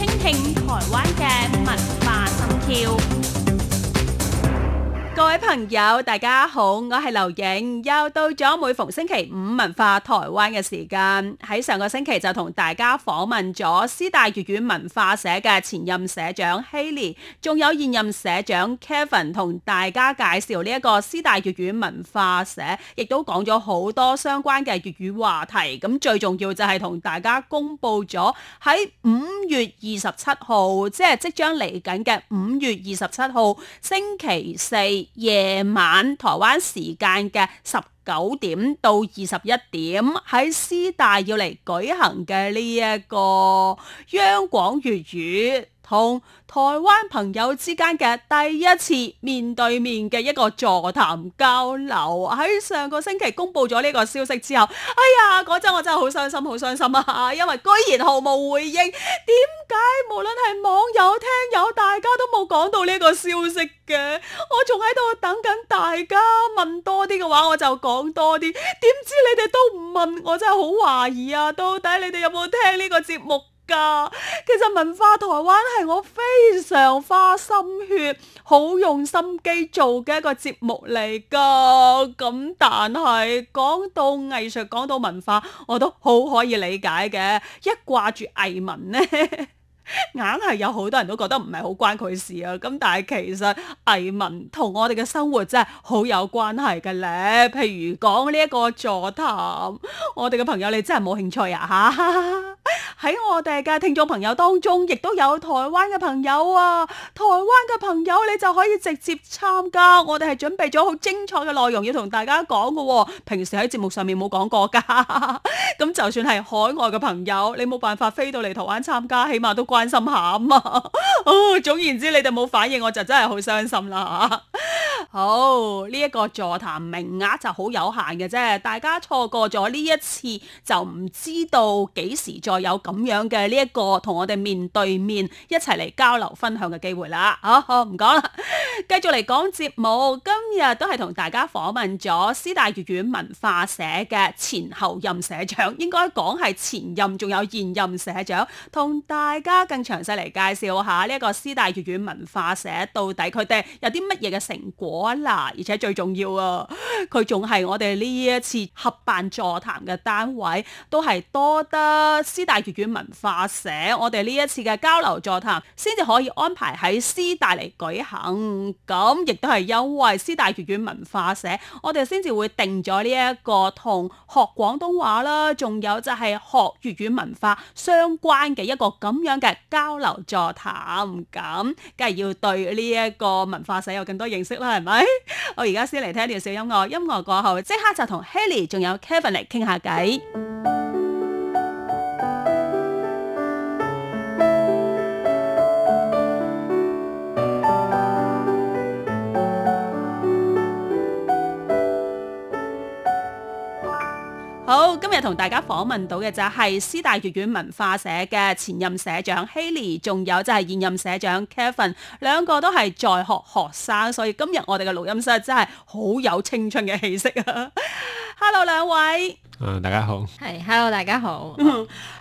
傾聽，聽台灣嘅文化心跳。各位朋友，大家好，我係劉影。又到咗每逢星期五文化台灣嘅時間，喺上個星期就同大家訪問咗師大粵語文化社嘅前任社長 Hilly，仲有現任社長 Kevin，同大家介紹呢一個師大粵語文化社，亦都講咗好多相關嘅粵語話題，咁最重要就係同大家公布咗喺五月二十七號，就是、即係即將嚟緊嘅五月二十七號星期四。夜晚台灣時間嘅十九點到二十一點，喺師大要嚟舉行嘅呢一個央廣粵語同台灣朋友之間嘅第一次面對面嘅一個座談交流。喺上個星期公布咗呢個消息之後，哎呀，嗰陣我真係好傷心，好傷心啊！因為居然毫無回應，點解無論係網友、聽友、講到呢個消息嘅，我仲喺度等緊大家問多啲嘅話，我就講多啲。點知你哋都唔問，我真係好懷疑啊！到底你哋有冇聽呢個節目噶？其實文化台灣係我非常花心血、好用心機做嘅一個節目嚟噶。咁但係講到藝術、講到文化，我都好可以理解嘅。一掛住藝文呢。 硬係有好多人都覺得唔係好關佢事啊！咁但係其實藝文同我哋嘅生活真係好有關係嘅咧。譬如講呢一個座談，我哋嘅朋友你真係冇興趣啊嚇。 喺我哋嘅聽眾朋友當中，亦都有台灣嘅朋友啊！台灣嘅朋友，你就可以直接參加。我哋係準備咗好精彩嘅內容要同大家講嘅喎，哦，平時喺節目上面冇講過噶，咁 就算係海外嘅朋友，你冇辦法飛到嚟台灣參加，起碼都關心下啊嘛。 哦，總言之，你哋冇反應，我就真係好傷心啦 好，呢、這、一個座談名額就好有限嘅啫，大家錯過咗呢一次，就唔知道幾時再有。咁樣嘅呢一個同我哋面對面一齊嚟交流分享嘅機會啦，啊好，唔講啦，繼續嚟講節目。今日都係同大家訪問咗師大粵語文化社嘅前後任社長，應該講係前任仲有現任社長，同大家更詳細嚟介紹下呢一個師大粵語文化社到底佢哋有啲乜嘢嘅成果啦，而且最重要啊，佢仲係我哋呢一次合辦座談嘅單位，都係多得師大粵語，文化社，我哋呢一次嘅交流座談，先至可以安排喺師大嚟舉行，咁亦都係因為師大粵語文化社，我哋先至會定咗呢一個同學廣東話啦，仲有就係學粵語文化相關嘅一個咁樣嘅交流座談，咁梗係要對呢一個文化社有更多認識啦，係咪？我而家先嚟聽一段小音樂，音樂過後即刻就同 Helly 仲有 Kevin 嚟傾下偈。好，今日同大家訪問到嘅就係師大粵語文化社嘅前任社長 Haley，仲有就係現任社長 Kevin，兩個都係在學學生，所以今日我哋嘅錄音室真係好有青春嘅氣息啊 ！Hello，兩位。嗯，大家好，係，Hello，大家好。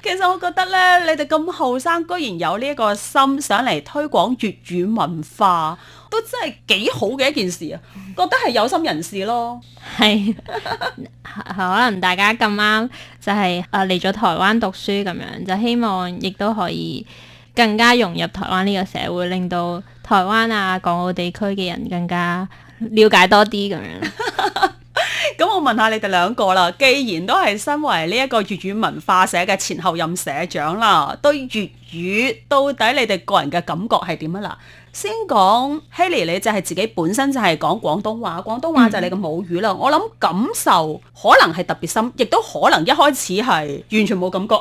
其實我覺得呢，你哋咁後生，居然有呢一個心，想嚟推廣粵語文化，都真係幾好嘅一件事啊！覺得係有心人士咯。係是， 可能大家咁啱就係誒嚟咗台灣讀書咁樣，就希望亦都可以更加融入台灣呢個社會，令到台灣啊港澳地區嘅人更加了解多啲咁樣。 咁我問下你哋兩個啦，既然都係身為呢一個粵語文化社嘅前後任社長啦，對粵語到底你哋個人嘅感覺係點啊？啦，先講希 a l 你就係自己本身就係講廣東話，廣東話就係你嘅母語啦。我諗感受可能係特別深，亦都可能一開始係完全冇感覺。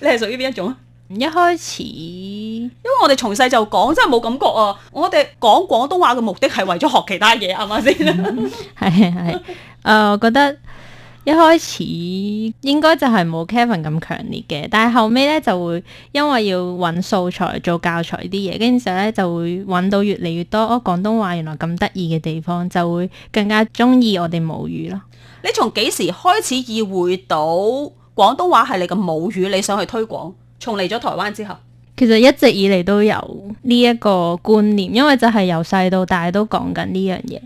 你係屬於邊一種啊？一開始，因為我哋從細就講，真係冇感覺啊！我哋講廣東話嘅目的係為咗學其他嘢，係咪先？係 係、嗯，誒、呃，我覺得一開始應該就係冇 Kevin 咁強烈嘅，但係後尾咧就會因為要揾素材做教材啲嘢，跟住之後咧就會揾到越嚟越多哦、廣東話原來咁得意嘅地方，就會更加中意我哋母語咯。你從幾時開始意會到廣東話係你嘅母語？你想去推廣？從嚟咗台灣之後，其實一直以嚟都有呢一個觀念，因為就係由細到大都講緊呢樣嘢，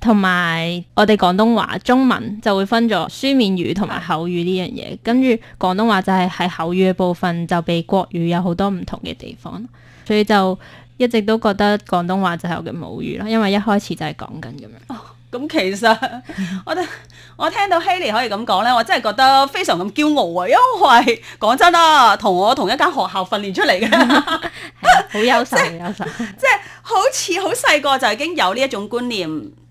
同埋我哋廣東話中文就會分咗書面語同埋口語呢樣嘢，跟住是廣東話就係喺口語嘅部分就被國語有好多唔同嘅地方，所以就一直都覺得廣東話就係我嘅母語啦，因為一開始就係講緊咁樣。哦。咁其實我哋我聽到希 a 可以咁講咧，我真係覺得非常咁驕傲啊！因為講真啦，同我同一間學校訓練出嚟嘅，好優秀，優秀，即係好似好細個就已經有呢一種觀念，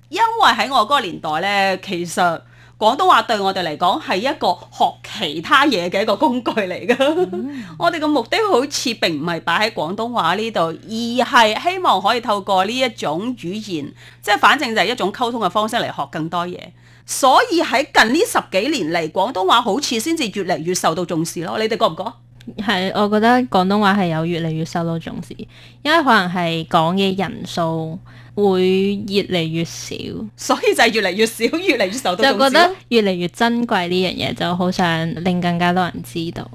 因為喺我嗰個年代咧，其實。廣東話對我哋嚟講係一個學其他嘢嘅一個工具嚟㗎， 我哋嘅目的好似並唔係擺喺廣東話呢度，而係希望可以透過呢一種語言，即係反正就係一種溝通嘅方式嚟學更多嘢。所以喺近呢十幾年嚟，廣東話好似先至越嚟越受到重視咯。你哋覺唔覺？係，我覺得廣東話係有越嚟越受到重視，因為可能係講嘅人數會越嚟越少，所以就係越嚟越少，越嚟越受到重視，就覺得越嚟越珍貴呢樣嘢，就好想令更加多人知道。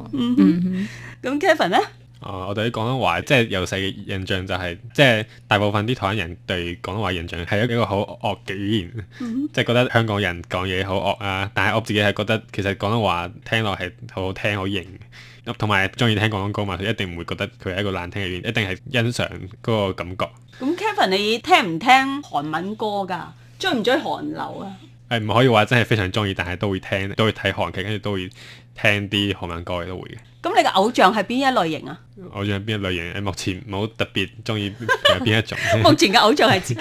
咁 Kevin 呢？哦，我對廣東話即係由細嘅印象就係，即係大部分啲台灣人對廣東話印象係一個好惡嘅語言，即係、嗯、哼覺得香港人講嘢好惡啊。但係我自己係覺得其實廣東話聽落係好好聽，好型。同埋中意聽廣東歌嘛，佢一定唔會覺得佢係一個難聽嘅語言，一定係欣賞嗰個感覺。咁 Kevin，你聽唔聽韓文歌㗎？追唔追韓流啊？誒、欸，唔可以話真係非常中意，但係都會聽，都會睇韓劇，跟住都會，聽啲韓文歌嘅都會嘅。咁你嘅偶像係邊一類型啊？偶像係邊一類型，啊？目前冇特別中意邊一種，啊。 目前嘅偶像係自己。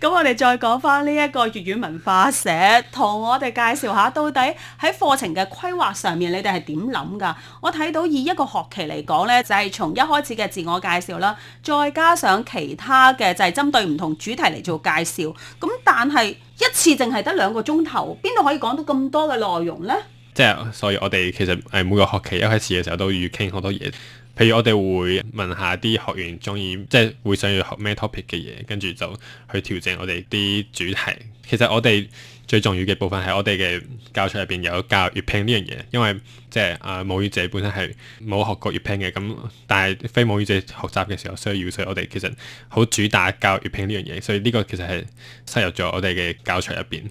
咁 我哋再講翻呢一個粵語文化社，同我哋介紹下到底喺課程嘅規劃上面，你哋係點諗噶？我睇到以一個學期嚟講呢，就係、是、從一開始嘅自我介紹啦，再加上其他嘅就係針對唔同主題嚟做介紹。咁但係。一次淨係得兩個鐘頭，邊度可以講到咁多嘅內容呢？即係，所以我哋其實誒每個學期一開始嘅時候都要傾好多嘢，譬如我哋會問下啲學員中意即係會想要學咩 topic 嘅嘢，跟住就去調整我哋啲主題。其實我哋最重要嘅部分係我哋嘅教材入邊有教粵拼呢樣嘢，因為即係啊母語者本身係冇學過粵拼嘅，咁但係非母語者學習嘅時候需要，所以我哋其實好主打教粵拼呢樣嘢，所以呢個其實係塞入咗我哋嘅教材入邊。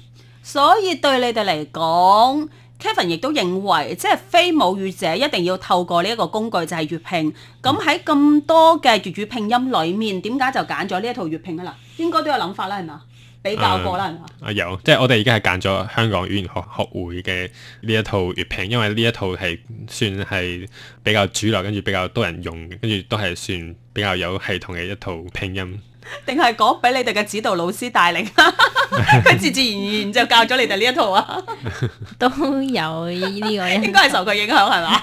所以對你哋嚟講，Kevin 亦都認為即係非母語者一定要透過呢一個工具就係粵拼。咁喺咁多嘅粵語拼音裏面，點解就揀咗呢一套粵拼啊？嗱，應該都有諗法啦，係嘛？比較過啦、啊，啊有，即係我哋而家係揀咗香港語言學學會嘅呢一套粵拼，因為呢一套係算係比較主流，跟住比較多人用，跟住都係算比較有系統嘅一套拼音？定係講俾你哋嘅指導老師帶領，佢 自自然然就教咗你哋呢一套啊， 都有呢個， 應該係受佢影響係嘛？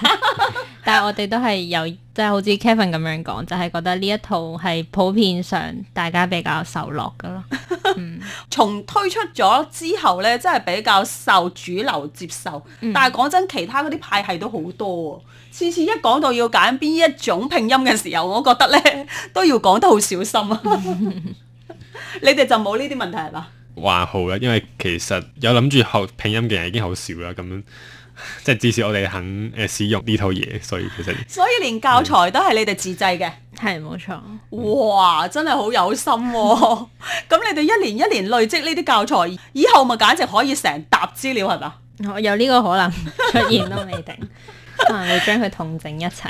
但係我哋都係有。即係好似 Kevin 咁樣講，就係、是、覺得呢一套係普遍上大家比較受落噶咯。 嗯、從推出咗之後呢，真係比較受主流接受。嗯、但係講真，其他嗰啲派系都好多喎、哦。次次一講到要揀邊一種拼音嘅時候，我覺得呢都要講得好小心啊。 你哋就冇呢啲問題係嗎？還好嘅，因為其實有諗住學拼音嘅人已經好少啦。咁。即係至少我哋肯誒使用呢套嘢，所以其實所以連教材都係你哋自製嘅，係冇錯。錯哇，真係好有心喎。咁 你哋一年一年累積呢啲教材，以後咪簡直可以成沓資料係嘛？有呢個可能出現都未定。 啊，你將佢統整一齊。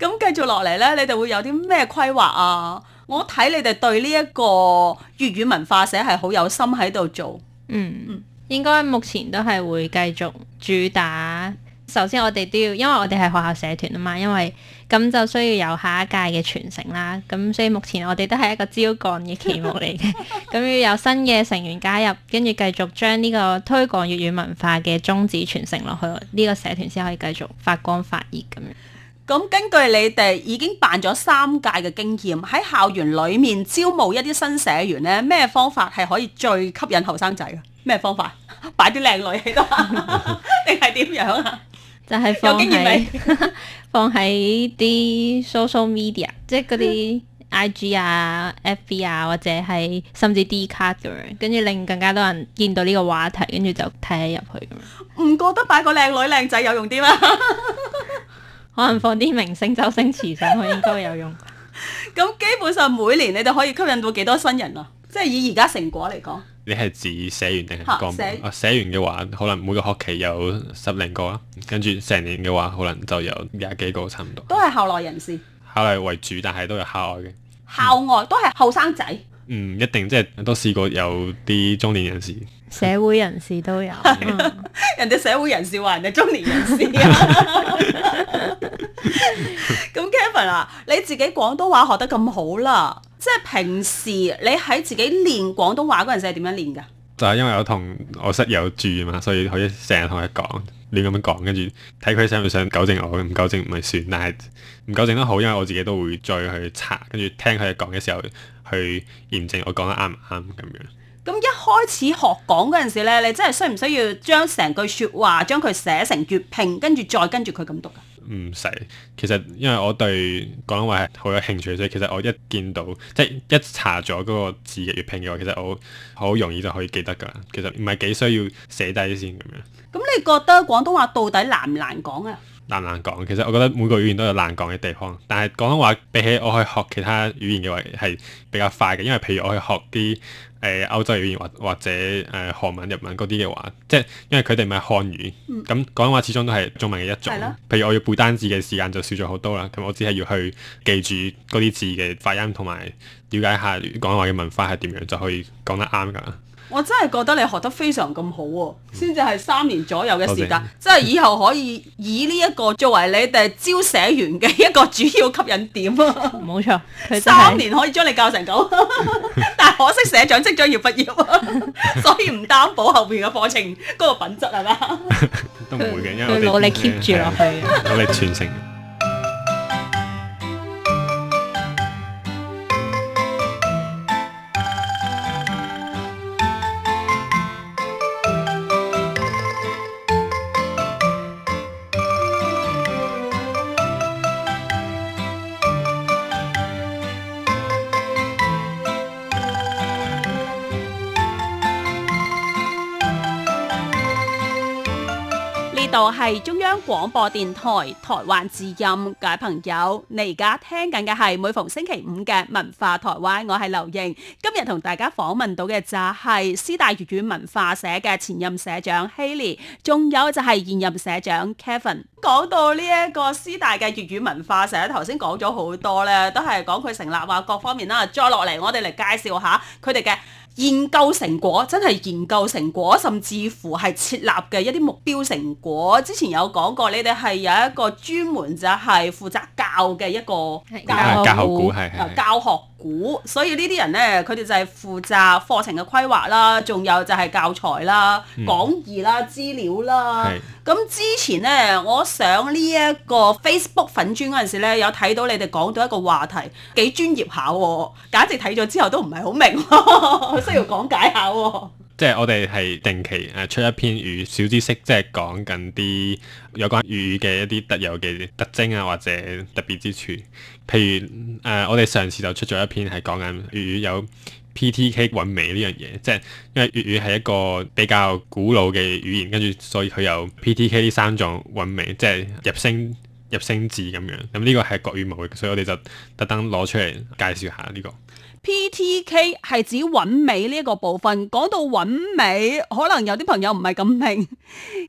咁繼 續落嚟呢，你哋會有啲咩規劃啊？我睇你哋對呢一個粵語文化社係好有心喺度做。嗯。應該目前都係會繼續主打。首先，我哋都要，因為我哋係學校社團啊嘛，因為咁就需要有下一屆嘅傳承啦。咁所以目前我哋都係一個招幹嘅項目嚟嘅，咁 要有新嘅成員加入，跟住繼續將呢個推廣粵語文化嘅宗旨傳承落去，呢、呢個社團先可以繼續發光發熱咁樣。咁根據你哋已經辦咗三屆嘅經驗，喺校園裏面招募一啲新社員咧，咩方法係可以最吸引後生仔？咩方法？擺啲靚女喺度，定係點樣啊？ 就係放喺 放喺啲 social media，即係嗰啲 IG 啊、FB 啊，或者係甚至 Dcard 咁樣，跟住令更加多人見到呢個話題，跟住就睇入去咁樣。唔覺得擺個靚女靚仔有用啲嗎？ 可能放啲明星周星馳上去應該有用。咁 基本上每年你哋可以吸引到幾多新人啊？即係以而家成果嚟講。你係指寫完定係講啊？寫完嘅話，可能每個學期有十零個啦。跟住成年嘅話，可能就有廿幾個差唔多。都係校內人士，校內為主，但係都有校外嘅。校外、嗯、都係後生仔。嗯，一定即係都試過有啲中年人士，社會人士都有。 嗯、人哋社會人士話人哋中年人士啊。咁 Kevin 啊，你自己廣東話學得咁好啦～即係平時你喺自己練廣東話嗰陣時係點樣練㗎？就係因為我同我室友住啊嘛，所以可以成日同佢講，練咁講，跟住睇佢想唔想糾正我，唔糾正唔係算，但係唔糾正都好，因為我自己都會再去查，跟住聽佢講嘅時候去驗證我講得啱唔啱咁樣。咁一開始學講嗰陣時咧，你真係需唔需要將成句説話將佢寫成粵拼，跟住再跟住佢咁讀啊？唔使，其實因為我對廣東話係好有興趣，所以其實我一見到即係一查咗嗰個字嘅粵拼嘅話，其實我好容易就可以記得噶。其實唔係幾需要寫低先咁樣。咁你覺得廣東話到底難唔難講啊？難難講，其實我覺得每個語言都有難講嘅地方，但係廣東話比起我去學其他語言嘅話，係比較快嘅，因為譬如我去學啲。誒歐洲語言或或者誒、呃、韓文日文嗰啲嘅話，即係因為佢哋唔係漢語，咁、嗯、廣東話始終都係中文嘅一種。嗯、譬如我要背單字嘅時間就少咗好多啦，咁我只係要去記住嗰啲字嘅發音同埋了解下廣東話嘅文化係點樣，就可以講得啱噶。我真係覺得你學得非常咁好喎、啊，先至係三年左右嘅時間，謝謝即係以後可以以呢一個作為你哋招社員嘅一個主要吸引點啊！冇 錯，三、就是、年可以將你教成噉，但係可惜社長將 要畢畢業， 所以唔擔保後邊嘅課程嗰個品質係咪？都唔會嘅， 他因為我努力 keep 住落去， 努力傳承。 度係中央廣播電台台灣之音，各位朋友，你而家聽緊嘅係每逢星期五嘅文化台灣，我係劉盈。今日同大家訪問到嘅就係師大粵語文化社嘅前任社長 Haley，仲有就係現任社長 Kevin。講到呢一個師大嘅粵語文化社，頭先講咗好多咧，都係講佢成立啊各方面啦。再落嚟，我哋嚟介紹下佢哋嘅。研究成果真係研究成果，甚至乎係設立嘅一啲目標成果。之前有講過，你哋係有一個專門就係負責教嘅一個教學，教學股，教學股，教學。股，所以呢啲人呢，佢哋就係負責課程嘅規劃啦，仲有就係教材啦、嗯、講義啦、資料啦。咁是之前呢，我上呢一個 Facebook 粉專嗰陣時咧，有睇到你哋講到一個話題，幾專業下喎，簡直睇咗之後都唔係好明， 需要講解下喎。嗯即係我哋係定期誒出一篇粵語小知識，即係講緊啲有關粵語嘅一啲特有嘅特徵啊，或者特別之處。譬如誒、呃，我哋上次就出咗一篇係講緊粵語有 PTK 韻尾呢樣嘢，即係因為粵語係一個比較古老嘅語言，跟住所以佢有 PTK 三種韻尾，即係入聲入聲字咁樣。咁、嗯、呢、這個係國語冇嘅，所以我哋就特登攞出嚟介紹下呢、這個。PTK 係指韻尾呢一個部分，講到韻尾，可能有啲朋友唔係咁明。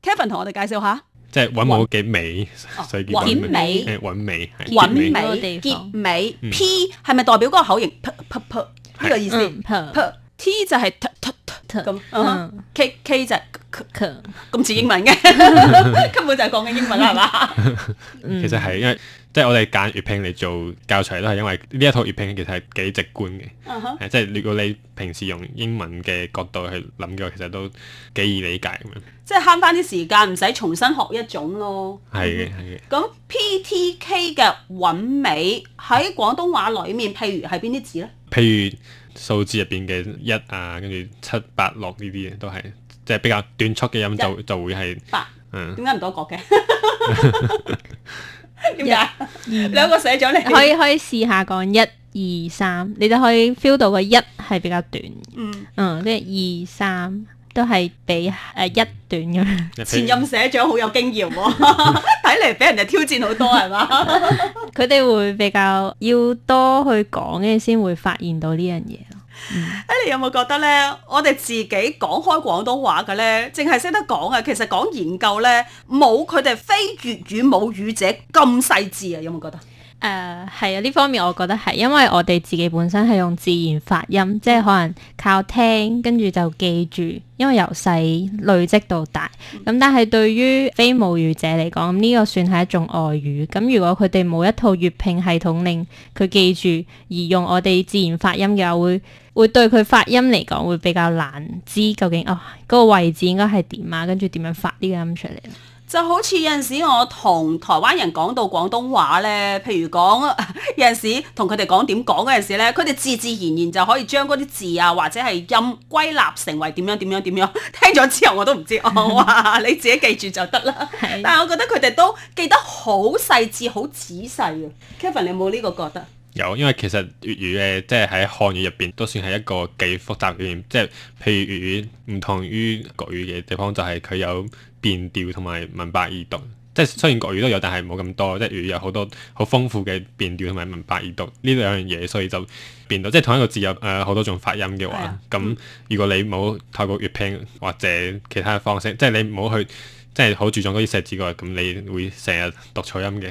Kevin 同我哋介紹下，即係韻母幾美，所以叫韻尾。韻尾，韻尾，結尾。P 係咪代表嗰個口型？p p p 呢個意思？p t 就係 t t t 咁。k k 就咁似英文嘅，根本就係講緊英文啦，係嘛？其實係因為。即係我哋揀粵拼嚟做教材，都係因為呢一套粵拼其實係幾直觀嘅、uh huh.，即係如果你平時用英文嘅角度去諗嘅話，其實都幾易理解咁樣。即係慳翻啲時間，唔使重新學一種咯。係嘅，係嘅。咁 PTK 嘅韻尾喺廣東話裡面，譬如係邊啲字咧？譬如數字入邊嘅一啊，跟住七八六呢啲嘢都係即係比較短促嘅音就，就一，就會係八，嗯，點解唔多角嘅，點解？兩個社長嚟，可以試 1, 2, 可以試下講一二三，你就可以 feel 到個一係比較短。嗯嗯，即係二三都係比誒一、呃、短。咁 前任社長好有經驗，哦，睇嚟俾人哋挑戰好多係嘛？佢哋會比較要多去講嘅，先會發現到呢樣嘢咯。哎，你有冇覺得咧？我哋自己講開廣東話嘅咧，淨係識得講啊。其實講研究咧，冇佢哋非粵語母語者咁細緻啊！有冇覺得？誒係啊，呢、uh, 方面我覺得係，因為我哋自己本身係用自然發音，即係可能靠聽跟住就記住，因為由細累積到大。咁、嗯、但係對於非母語者嚟講，呢個算係一種外語。咁如果佢哋冇一套粵拼系統令佢記住，而用我哋自然發音嘅話，會會對佢發音嚟講會比較難知究竟哦嗰、那個位置應該係點啊，跟住點樣發呢個音出嚟。就好似有陣時我同台灣人講到廣東話咧，譬如講有陣時同佢哋講點講嗰陣時咧，佢哋自自然然就可以將嗰啲字啊或者係音歸納成為點樣點樣點樣。聽咗之後我都唔知，我話、 哦、你自己記住就得啦。 但係我覺得佢哋都記得好細緻、好仔細嘅。Kevin，你有冇呢個覺得？有，因為其實粵語嘅即係喺漢語入邊都算係一個幾複雜嘅語言，即係譬如粵語唔同於國語嘅地方就係、是、佢有變調同埋文白異讀，即係雖然國語都有，但係冇咁多，即係粵語有好多好豐富嘅變調同埋文白異讀呢兩樣嘢，所以就變到，即係同一個字有誒好、呃、多種發音嘅話，咁 Yeah. 如果你冇透過粵拼或者其他嘅方式，即係你唔好去即係好注重嗰啲寫字句，咁你會成日讀錯音嘅。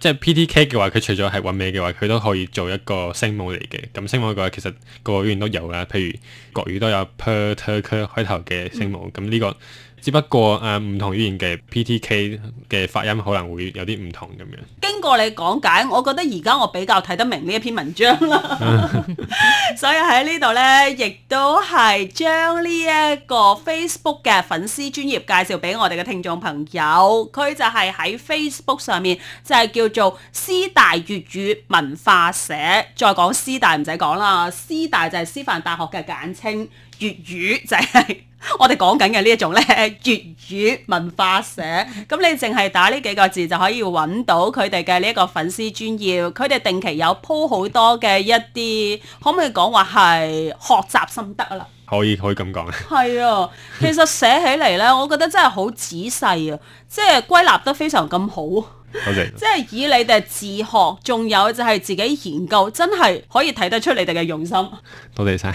即係 PTK 嘅話，佢除咗係韻尾嘅話，佢都可以做一個聲母嚟嘅。咁聲母嘅話，其實個個語言都有㗎。譬如國語都有 PTK 開頭嘅聲母。咁呢、嗯呢個。只不過誒，唔、呃、同語言嘅 PTK 嘅發音可能會有啲唔同咁樣。經過你講解，我覺得而家我比較睇得明呢一篇文章啦。 所以喺呢度呢，亦都係將呢一個 Facebook 嘅粉絲專頁介紹俾我哋嘅聽眾朋友。佢就係喺 Facebook 上面，就係、是、叫做師大粵語文化社。再講師大唔使講啦，師大就係師範大學嘅簡稱，粵語就係。 我哋講緊嘅呢一種咧粵語文化社，咁你淨係打呢幾個字就可以揾到佢哋嘅呢一個粉絲專頁，佢哋定期有鋪好多嘅一啲，可唔可以講話係學習心得啊啦？可以，可以咁講啊！係啊，其實寫起嚟呢，我覺得真係好仔細啊，即係歸納得非常咁好。Okay. 即係以你哋自學，仲有就係自己研究，真係可以睇得出你哋嘅用心。多謝晒！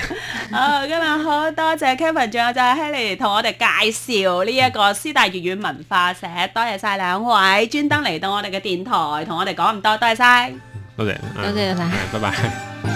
好，今日好多謝 Kevin，仲 有就係 Haley 同我哋介紹呢一個師大粵語文化社。多謝晒兩位，專登嚟到我哋嘅電台同我哋講咁多，多謝晒！多謝，多謝，拜拜。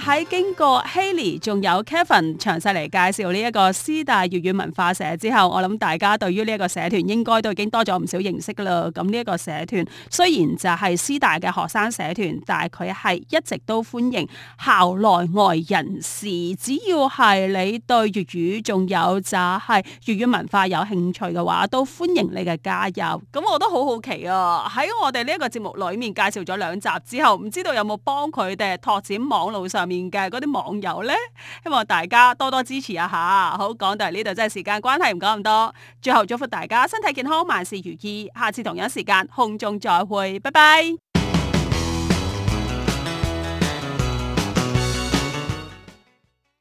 喺經過 Haley 仲有 Kevin 詳細嚟介紹呢一個師大粵語文化社之後，我諗大家對於呢一個社團應該都已經多咗唔少認識啦。咁呢一個社團雖然就係師大嘅學生社團，但係佢係一直都歡迎校內外人士，只要係你對粵語仲有就係粵語文化有興趣嘅話，都歡迎你嘅加入。咁我都好好奇啊！喺我哋呢一個節目裡面介紹咗兩集之後，唔知道有冇幫佢哋拓展網路？上面嘅嗰啲網友呢，希望大家多多支持一下。好講到呢度，真係時間關係唔講咁多。最後祝福大家身體健康，萬事如意。下次同樣時間，空中再會，拜拜。